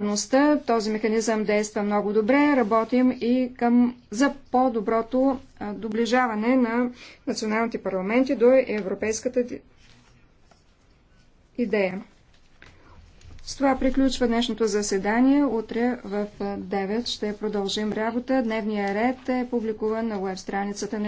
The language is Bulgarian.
сигурността. Този механизъм действа много добре. Работим и към, за по-доброто доближаване на националните парламенти до европейската идея. С това приключва днешното заседание. Утре в 9 ще продължим работа. Дневният ред е публикуван на веб страницата на